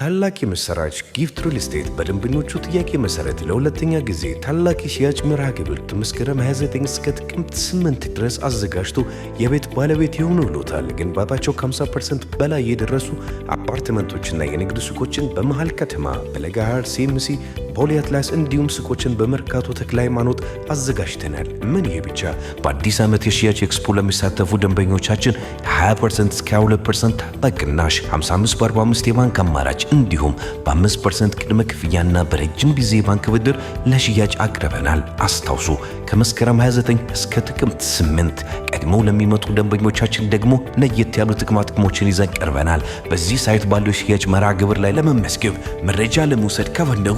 ታላቅ የምሥራች! ጊፍት ሪል ስቴት በደንበኞቹ ጥያቄ መሰረት ለሁለተኛ ጊዜ ታላቅ የሽያጭ መርሃ ግብር መስከረም 29 እስከ ጥቅምት 8 ድረስ አዘጋጅቶ የቤት ባለቤት የሆኑ ብሎታል። ግንባታቸው ከ50% በላይ የደረሱ አፓርትመንቶችና የንግድ ሱቆችን በመሃል ከተማ በለጋሃር ሲምሲ በፖሊ አትላስ እንዲሁም ሱቆችን በመርካቶ ተክለ ሃይማኖት አዘጋጅተናል። ምን ይሄ ብቻ! በአዲስ ዓመት የሽያጭ ኤክስፖ ለሚሳተፉ ደንበኞቻችን 20 እስከ 22 በቅናሽ 55 በ45 የባንክ አማራጭ እንዲሁም በ5 ቅድመ ክፍያና በረጅም ጊዜ የባንክ ብድር ለሽያጭ አቅርበናል። አስታውሱ ከመስከረም 29 እስከ ጥቅምት 8 ቀድሞ ለሚመጡ ደንበኞቻችን ደግሞ ለየት ያሉ ጥቅማ ጥቅሞችን ይዘን ቀርበናል። በዚህ ሳይት ባለው የሽያጭ መርሃ ግብር ላይ ለመመስገብ መረጃ ለመውሰድ ከፈለጉ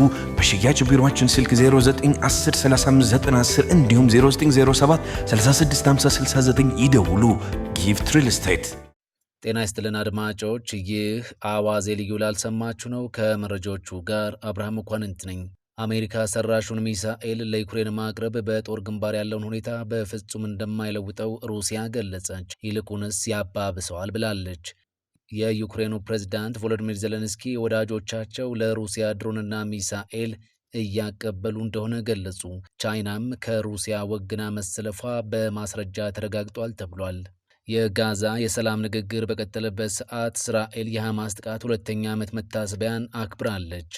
የሽያጭ ቢሮችን ስልክ 09103510 እንዲሁም 0907365069 ይደውሉ። ጊፍት ሪል ስቴት። ጤና ይስጥልን አድማጮች፣ ይህ አዋዜ ልዩ ላልሰማችሁ ነው። ከመረጃዎቹ ጋር አብርሃም መኳንንት ነኝ። አሜሪካ ሰራሹን ሚሳኤል ለዩክሬን ማቅረብ በጦር ግንባር ያለውን ሁኔታ በፍጹም እንደማይለውጠው ሩሲያ ገለጸች። ይልቁንስ ያባብሰዋል ብላለች። የዩክሬኑ ፕሬዝዳንት ቮሎዲሚር ዜሌንስኪ ወዳጆቻቸው ለሩሲያ ድሮንና ሚሳኤል እያቀበሉ እንደሆነ ገለጹ። ቻይናም ከሩሲያ ወግና መሰለፏ በማስረጃ ተረጋግጧል ተብሏል። የጋዛ የሰላም ንግግር በቀጠለበት ሰዓት እስራኤል የሐማስ ጥቃት ሁለተኛ ዓመት መታሰቢያን አክብራለች።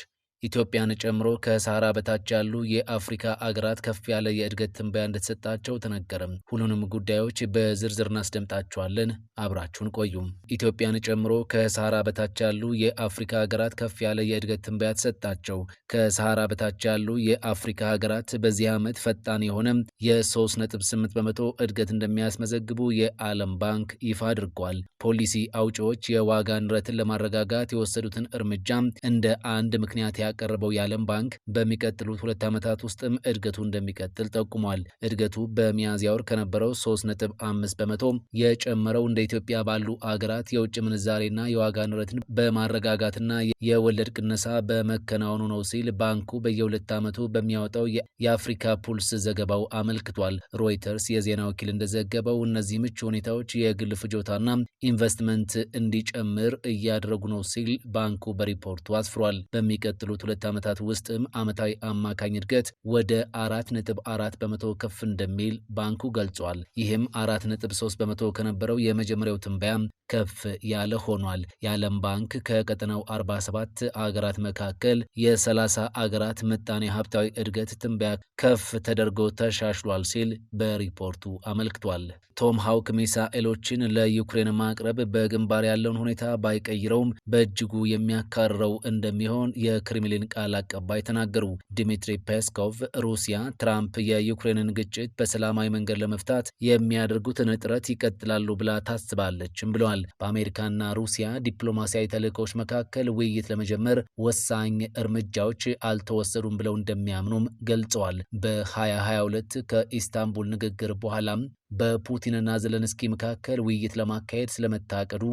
ኢትዮጵያን ጨምሮ ከሳህራ በታች ያሉ የአፍሪካ አገራት ከፍ ያለ የእድገት ትንበያ እንደተሰጣቸው ተነገረም። ሁሉንም ጉዳዮች በዝርዝር እናስደምጣቸዋለን። አብራችሁን ቆዩም። ኢትዮጵያን ጨምሮ ከሳህራ በታች ያሉ የአፍሪካ ሀገራት ከፍ ያለ የእድገት ትንበያ ተሰጣቸው። ከሳህራ በታች ያሉ የአፍሪካ ሀገራት በዚህ ዓመት ፈጣን የሆነ የ3.8 በመቶ እድገት እንደሚያስመዘግቡ የዓለም ባንክ ይፋ አድርጓል። ፖሊሲ አውጪዎች የዋጋ ንረትን ለማረጋጋት የወሰዱትን እርምጃ እንደ አንድ ምክንያት ያቀረበው የዓለም ባንክ በሚቀጥሉት ሁለት ዓመታት ውስጥም እድገቱ እንደሚቀጥል ጠቁሟል። እድገቱ በሚያዝያ ወር ከነበረው 3.5 በመቶ የጨመረው እንደ ኢትዮጵያ ባሉ አገራት የውጭ ምንዛሬና የዋጋ ንረትን በማረጋጋትና የወለድ ቅነሳ በመከናወኑ ነው ሲል ባንኩ በየሁለት ዓመቱ በሚያወጣው የአፍሪካ ፑልስ ዘገባው አመልክቷል። ሮይተርስ የዜና ወኪል እንደዘገበው እነዚህ ምቹ ሁኔታዎች የግል ፍጆታና ኢንቨስትመንት እንዲጨምር እያደረጉ ነው ሲል ባንኩ በሪፖርቱ አስፍሯል። በሚቀጥሉት ባለፉት ሁለት ዓመታት ውስጥም ዓመታዊ አማካኝ እድገት ወደ አራት ነጥብ አራት በመቶ ከፍ እንደሚል ባንኩ ገልጿል። ይህም አራት ነጥብ ሶስት በመቶ ከነበረው የመጀመሪያው ትንበያም ከፍ ያለ ሆኗል። የዓለም ባንክ ከቀጠናው 47 አገራት መካከል የ30 አገራት ምጣኔ ሀብታዊ እድገት ትንበያ ከፍ ተደርጎ ተሻሽሏል ሲል በሪፖርቱ አመልክቷል። ቶም ሃውክ ሚሳኤሎችን ለዩክሬን ማቅረብ በግንባር ያለውን ሁኔታ ባይቀይረውም በእጅጉ የሚያካርረው እንደሚሆን የክሪሚ ክሬምሊን ቃል አቀባይ ተናገሩ። ዲሚትሪ ፔስኮቭ ሩሲያ ትራምፕ የዩክሬንን ግጭት በሰላማዊ መንገድ ለመፍታት የሚያደርጉትን ጥረት ይቀጥላሉ ብላ ታስባለችም ብለዋል። በአሜሪካና ሩሲያ ዲፕሎማሲያዊ ተልእኮዎች መካከል ውይይት ለመጀመር ወሳኝ እርምጃዎች አልተወሰዱም ብለው እንደሚያምኑም ገልጸዋል። በ2022 ከኢስታንቡል ንግግር በኋላም በፑቲንና ዘለንስኪ መካከል ውይይት ለማካሄድ ስለመታቀዱ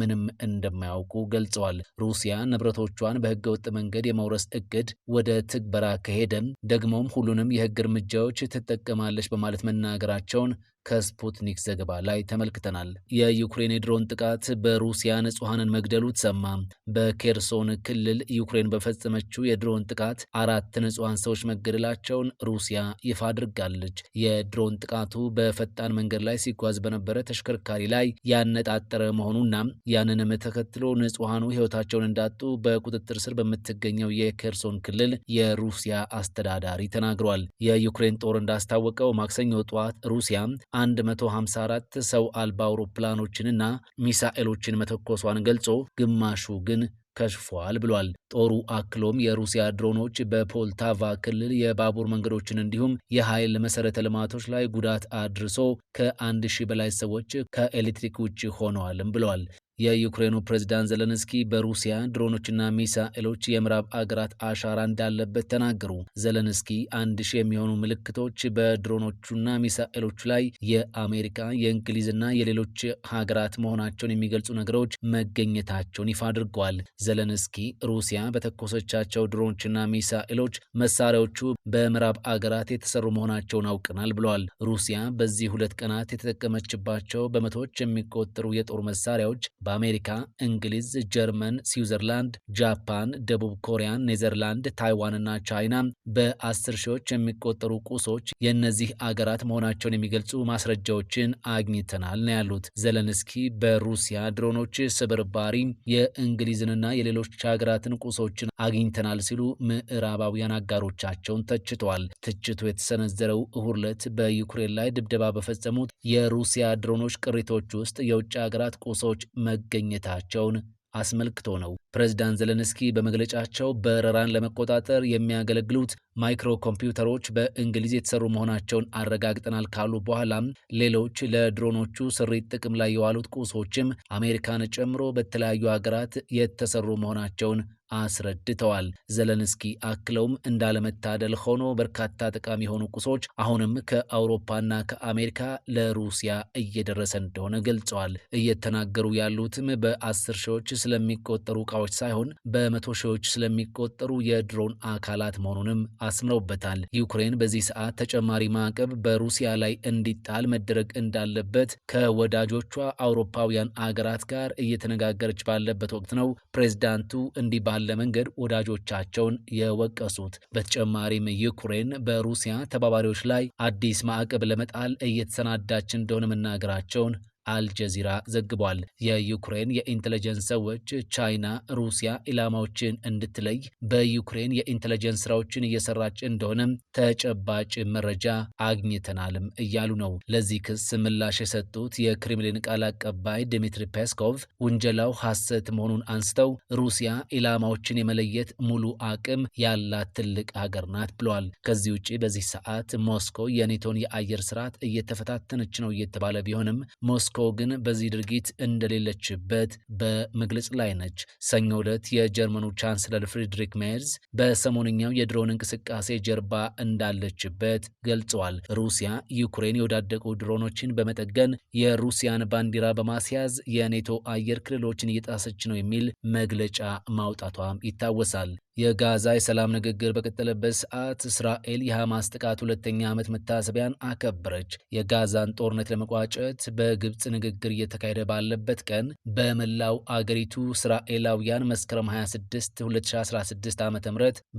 ምንም እንደማያውቁ ገልጸዋል። ሩሲያ ንብረቶቿን በህገወጥ መንገድ የመውረስ እቅድ ወደ ትግበራ ከሄደ ደግሞም ሁሉንም የህግ እርምጃዎች ትጠቀማለች በማለት መናገራቸውን ከስፑትኒክ ዘገባ ላይ ተመልክተናል። የዩክሬን የድሮን ጥቃት በሩሲያ ንጹሐንን መግደሉ ተሰማ። በኬርሶን ክልል ዩክሬን በፈጸመችው የድሮን ጥቃት አራት ንጹሐን ሰዎች መገደላቸውን ሩሲያ ይፋ አድርጋለች። የድሮን ጥቃቱ በፈጣን መንገድ ላይ ሲጓዝ በነበረ ተሽከርካሪ ላይ ያነጣጠረ መሆኑና ያንንም ተከትሎ ንጹሐኑ ሕይወታቸውን እንዳጡ በቁጥጥር ስር በምትገኘው የኬርሶን ክልል የሩሲያ አስተዳዳሪ ተናግሯል። የዩክሬን ጦር እንዳስታወቀው ማክሰኞ ጠዋት ሩሲያ 154 ሰው አልባ አውሮፕላኖችንና ሚሳኤሎችን መተኮሷን ገልጾ ግማሹ ግን ከሽፏል ብሏል። ጦሩ አክሎም የሩሲያ ድሮኖች በፖልታቫ ክልል የባቡር መንገዶችን እንዲሁም የኃይል መሰረተ ልማቶች ላይ ጉዳት አድርሶ ከአንድ ሺህ በላይ ሰዎች ከኤሌክትሪክ ውጭ ሆነዋልም ብለዋል። የዩክሬኑ ፕሬዝዳንት ዘለንስኪ በሩሲያ ድሮኖችና ሚሳኤሎች የምዕራብ አገራት አሻራ እንዳለበት ተናገሩ። ዘለንስኪ አንድ ሺህ የሚሆኑ ምልክቶች በድሮኖቹና ሚሳኤሎቹ ላይ የአሜሪካ የእንግሊዝና የሌሎች ሀገራት መሆናቸውን የሚገልጹ ነገሮች መገኘታቸውን ይፋ አድርገዋል። ዘለንስኪ ሩሲያ በተኮሰቻቸው ድሮኖችና ሚሳኤሎች መሳሪያዎቹ በምዕራብ አገራት የተሰሩ መሆናቸውን አውቅናል ብለዋል። ሩሲያ በዚህ ሁለት ቀናት የተጠቀመችባቸው በመቶዎች የሚቆጠሩ የጦር መሳሪያዎች በአሜሪካ፣ እንግሊዝ፣ ጀርመን፣ ስዊዘርላንድ፣ ጃፓን፣ ደቡብ ኮሪያ፣ ኔዘርላንድ፣ ታይዋንና ቻይና በአስር ሺዎች የሚቆጠሩ ቁሶች የእነዚህ አገራት መሆናቸውን የሚገልጹ ማስረጃዎችን አግኝተናል ነው ያሉት። ዘለንስኪ በሩሲያ ድሮኖች ስብርባሪ የእንግሊዝንና የሌሎች ሀገራትን ቁሶችን አግኝተናል ሲሉ ምዕራባውያን አጋሮቻቸውን ተችተዋል። ትችቱ የተሰነዘረው እሁድ ዕለት በዩክሬን ላይ ድብደባ በፈጸሙት የሩሲያ ድሮኖች ቅሪቶች ውስጥ የውጭ ሀገራት ቁሶች መገኘታቸውን አስመልክቶ ነው። ፕሬዝዳንት ዘለንስኪ በመግለጫቸው በረራን ለመቆጣጠር የሚያገለግሉት ማይክሮ ኮምፒውተሮች በእንግሊዝ የተሰሩ መሆናቸውን አረጋግጠናል ካሉ በኋላም ሌሎች ለድሮኖቹ ስሪት ጥቅም ላይ የዋሉት ቁሶችም አሜሪካን ጨምሮ በተለያዩ ሀገራት የተሰሩ መሆናቸውን አስረድተዋል። ዘለንስኪ አክለውም እንዳለመታደል ሆኖ በርካታ ጠቃሚ የሆኑ ቁሶች አሁንም ከአውሮፓና ከአሜሪካ ለሩሲያ እየደረሰ እንደሆነ ገልጸዋል። እየተናገሩ ያሉትም በአስር ሺዎች ስለሚቆጠሩ እቃዎች ሳይሆን በመቶ ሺዎች ስለሚቆጠሩ የድሮን አካላት መሆኑንም አስምረውበታል። ዩክሬን በዚህ ሰዓት ተጨማሪ ማዕቀብ በሩሲያ ላይ እንዲጣል መደረግ እንዳለበት ከወዳጆቿ አውሮፓውያን አገራት ጋር እየተነጋገረች ባለበት ወቅት ነው ፕሬዝዳንቱ እንዲህ ባለ መንገድ ወዳጆቻቸውን የወቀሱት። በተጨማሪም ዩክሬን በሩሲያ ተባባሪዎች ላይ አዲስ ማዕቀብ ለመጣል እየተሰናዳች እንደሆነ መናገራቸውን አልጀዚራ ዘግቧል። የዩክሬን የኢንቴሊጀንስ ሰዎች ቻይና ሩሲያ ኢላማዎችን እንድትለይ በዩክሬን የኢንቴሊጀንስ ስራዎችን እየሰራች እንደሆነም ተጨባጭ መረጃ አግኝተናልም እያሉ ነው። ለዚህ ክስ ምላሽ የሰጡት የክሬምሊን ቃል አቀባይ ድሚትሪ ፔስኮቭ ውንጀላው ሐሰት መሆኑን አንስተው ሩሲያ ኢላማዎችን የመለየት ሙሉ አቅም ያላት ትልቅ ሀገር ናት ብለዋል። ከዚህ ውጭ በዚህ ሰዓት ሞስኮ የኔቶን የአየር ስርዓት እየተፈታተነች ነው እየተባለ ቢሆንም ሞስኮ ሞስኮ ግን በዚህ ድርጊት እንደሌለችበት በመግለጽ ላይ ነች። ሰኞ ዕለት የጀርመኑ ቻንስለር ፍሪድሪክ ሜርዝ በሰሞንኛው የድሮን እንቅስቃሴ ጀርባ እንዳለችበት ገልጸዋል። ሩሲያ ዩክሬን የወዳደቁ ድሮኖችን በመጠገን የሩሲያን ባንዲራ በማስያዝ የኔቶ አየር ክልሎችን እየጣሰች ነው የሚል መግለጫ ማውጣቷም ይታወሳል። የጋዛ የሰላም ንግግር በቀጠለበት ሰዓት እስራኤል የሐማስ ጥቃት ሁለተኛ ዓመት መታሰቢያን አከበረች። የጋዛን ጦርነት ለመቋጨት በግብፅ ግልጽ ንግግር እየተካሄደ ባለበት ቀን በመላው አገሪቱ እስራኤላውያን መስከረም 26 2016 ዓ ም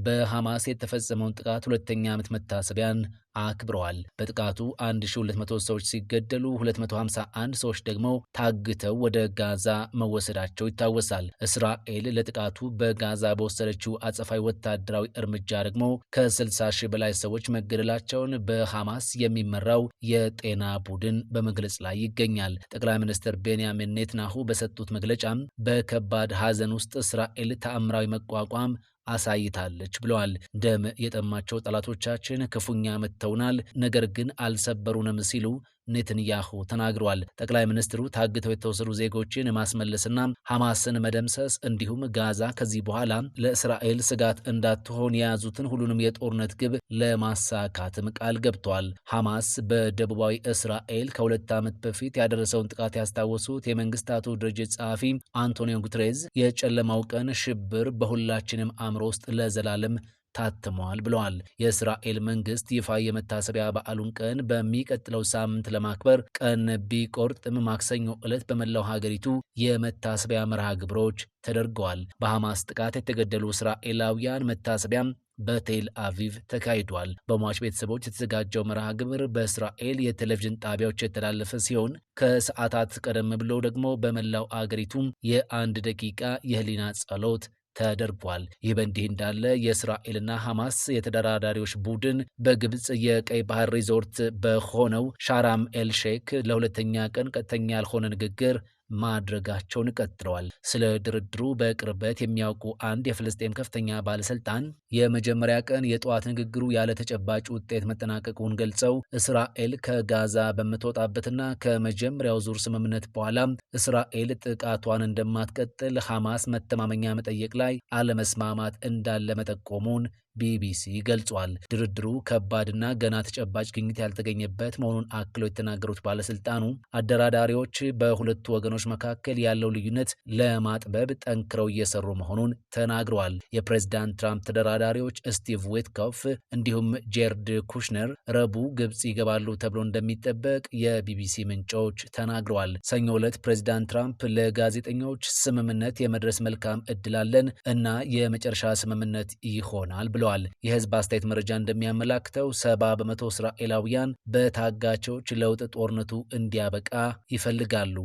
በሐማስ የተፈጸመውን ጥቃት ሁለተኛ ዓመት መታሰቢያን አክብረዋል። በጥቃቱ 1200 ሰዎች ሲገደሉ 251 ሰዎች ደግሞ ታግተው ወደ ጋዛ መወሰዳቸው ይታወሳል። እስራኤል ለጥቃቱ በጋዛ በወሰደችው አጸፋዊ ወታደራዊ እርምጃ ደግሞ ከ60 ሺህ በላይ ሰዎች መገደላቸውን በሐማስ የሚመራው የጤና ቡድን በመግለጽ ላይ ይገኛል። ጠቅላይ ሚኒስትር ቤንያሚን ኔትናሁ በሰጡት መግለጫም በከባድ ሐዘን ውስጥ እስራኤል ተአምራዊ መቋቋም አሳይታለች ብለዋል። ደም የጠማቸው ጠላቶቻችን ክፉኛ መትተውናል፣ ነገር ግን አልሰበሩንም ሲሉ ኔትንያሁ ተናግረዋል። ጠቅላይ ሚኒስትሩ ታግተው የተወሰዱ ዜጎችን ማስመለስና ሐማስን መደምሰስ እንዲሁም ጋዛ ከዚህ በኋላ ለእስራኤል ስጋት እንዳትሆን የያዙትን ሁሉንም የጦርነት ግብ ለማሳካትም ቃል ገብቷል። ሐማስ በደቡባዊ እስራኤል ከሁለት ዓመት በፊት ያደረሰውን ጥቃት ያስታወሱት የመንግስታቱ ድርጅት ጸሐፊ አንቶኒዮ ጉትሬዝ የጨለማው ቀን ሽብር በሁላችንም አእምሮ ውስጥ ለዘላለም ታትመዋል ብለዋል። የእስራኤል መንግስት ይፋ የመታሰቢያ በዓሉን ቀን በሚቀጥለው ሳምንት ለማክበር ቀን ቢቆርጥም ማክሰኞ ዕለት በመላው ሀገሪቱ የመታሰቢያ መርሃ ግብሮች ተደርገዋል። በሐማስ ጥቃት የተገደሉ እስራኤላውያን መታሰቢያም በቴል አቪቭ ተካሂዷል። በሟች ቤተሰቦች የተዘጋጀው መርሃ ግብር በእስራኤል የቴሌቪዥን ጣቢያዎች የተላለፈ ሲሆን ከሰዓታት ቀደም ብሎ ደግሞ በመላው አገሪቱም የአንድ ደቂቃ የህሊና ጸሎት ተደርጓል። ይህ በእንዲህ እንዳለ የእስራኤልና ሐማስ የተደራዳሪዎች ቡድን በግብፅ የቀይ ባህር ሪዞርት በሆነው ሻራም ኤልሼክ ለሁለተኛ ቀን ቀጥተኛ ያልሆነ ንግግር ማድረጋቸውን ቀጥለዋል። ስለ ድርድሩ በቅርበት የሚያውቁ አንድ የፍልስጤም ከፍተኛ ባለስልጣን የመጀመሪያ ቀን የጠዋት ንግግሩ ያለ ተጨባጭ ውጤት መጠናቀቁን ገልጸው እስራኤል ከጋዛ በምትወጣበትና ከመጀመሪያው ዙር ስምምነት በኋላ እስራኤል ጥቃቷን እንደማትቀጥል ሐማስ መተማመኛ መጠየቅ ላይ አለመስማማት እንዳለ መጠቆሙን ቢቢሲ ገልጿል። ድርድሩ ከባድና ገና ተጨባጭ ግኝት ያልተገኘበት መሆኑን አክለው የተናገሩት ባለስልጣኑ አደራዳሪዎች በሁለቱ ወገኖች መካከል ያለው ልዩነት ለማጥበብ ጠንክረው እየሰሩ መሆኑን ተናግረዋል። የፕሬዝዳንት ትራምፕ ተደራዳሪዎች ስቲቭ ዊትኮፍ እንዲሁም ጄርድ ኩሽነር ረቡዕ ግብፅ ይገባሉ ተብሎ እንደሚጠበቅ የቢቢሲ ምንጮች ተናግረዋል። ሰኞ ዕለት ፕሬዝዳንት ትራምፕ ለጋዜጠኞች ስምምነት የመድረስ መልካም እድል አለን እና የመጨረሻ ስምምነት ይሆናል ብለዋል። ብለዋል። የህዝብ አስተያየት መረጃ እንደሚያመላክተው ሰባ በመቶ እስራኤላውያን በታጋቾች ለውጥ ጦርነቱ እንዲያበቃ ይፈልጋሉ።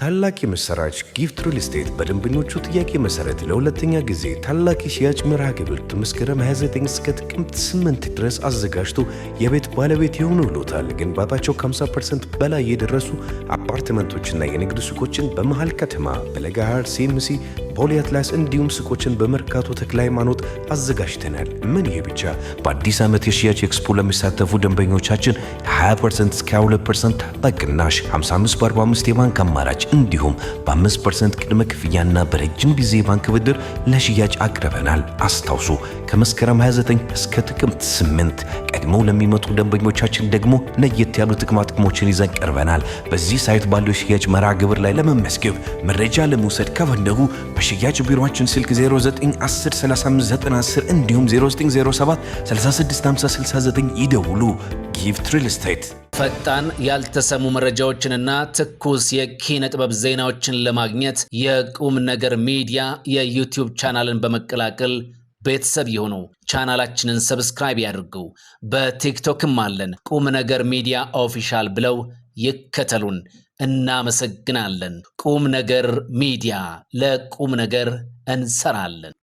ታላቅ የምስራች! ጊፍት ሪል ስቴት በደንበኞቹ ጥያቄ መሰረት ለሁለተኛ ጊዜ ታላቅ የሽያጭ መርሃ ግብር መስከረም 29 እስከ ጥቅምት 8 ድረስ አዘጋጅቶ የቤት ባለቤት የሆኑ ብሎታል። ግንባታቸው ከ50 ፐርሰንት በላይ የደረሱ አፓርትመንቶችና የንግድ ሱቆችን በመሃል ከተማ በለጋሃር፣ ሲምሲ፣ ቦሌ አትላስ እንዲሁም ሱቆችን በመርካቶ ተክለ ሃይማኖት አዘጋጅተናል። ምን ይሄ ብቻ! በአዲስ ዓመት የሽያጭ ኤክስፖ ለሚሳተፉ ደንበኞቻችን 20 እስከ 22 ታላቅ 55 በ45 የባንክ አማራጭ እንዲሁም በ5 ቅድመ ክፍያና በረጅም ጊዜ የባንክ ብድር ለሽያጭ አቅርበናል። አስታውሱ ከመስከረም 29 እስከ ጥቅምት 8 ቀድመው ለሚመጡ ደንበኞቻችን ደግሞ ለየት ያሉ ጥቅማ ጥቅሞችን ይዘን ቀርበናል። በዚህ ሳይት ባለው የሽያጭ መርሃ ግብር ላይ ለመመስገብ መረጃ ለመውሰድ ከፈለጉ በሽያጭ ቢሮችን ስልክ 0910359010 እንዲሁም 0907365069 ይደውሉ። ጊፍት ሪል ስቴት ፈጣን ያልተሰሙ መረጃዎችንና ትኩስ የኪነ ጥበብ ዜናዎችን ለማግኘት የቁም ነገር ሚዲያ የዩቲዩብ ቻናልን በመቀላቀል ቤተሰብ የሆኑ ቻናላችንን ሰብስክራይብ ያድርጉ። በቲክቶክም አለን። ቁም ነገር ሚዲያ ኦፊሻል ብለው ይከተሉን። እናመሰግናለን። ቁም ነገር ሚዲያ ለቁም ነገር እንሰራለን።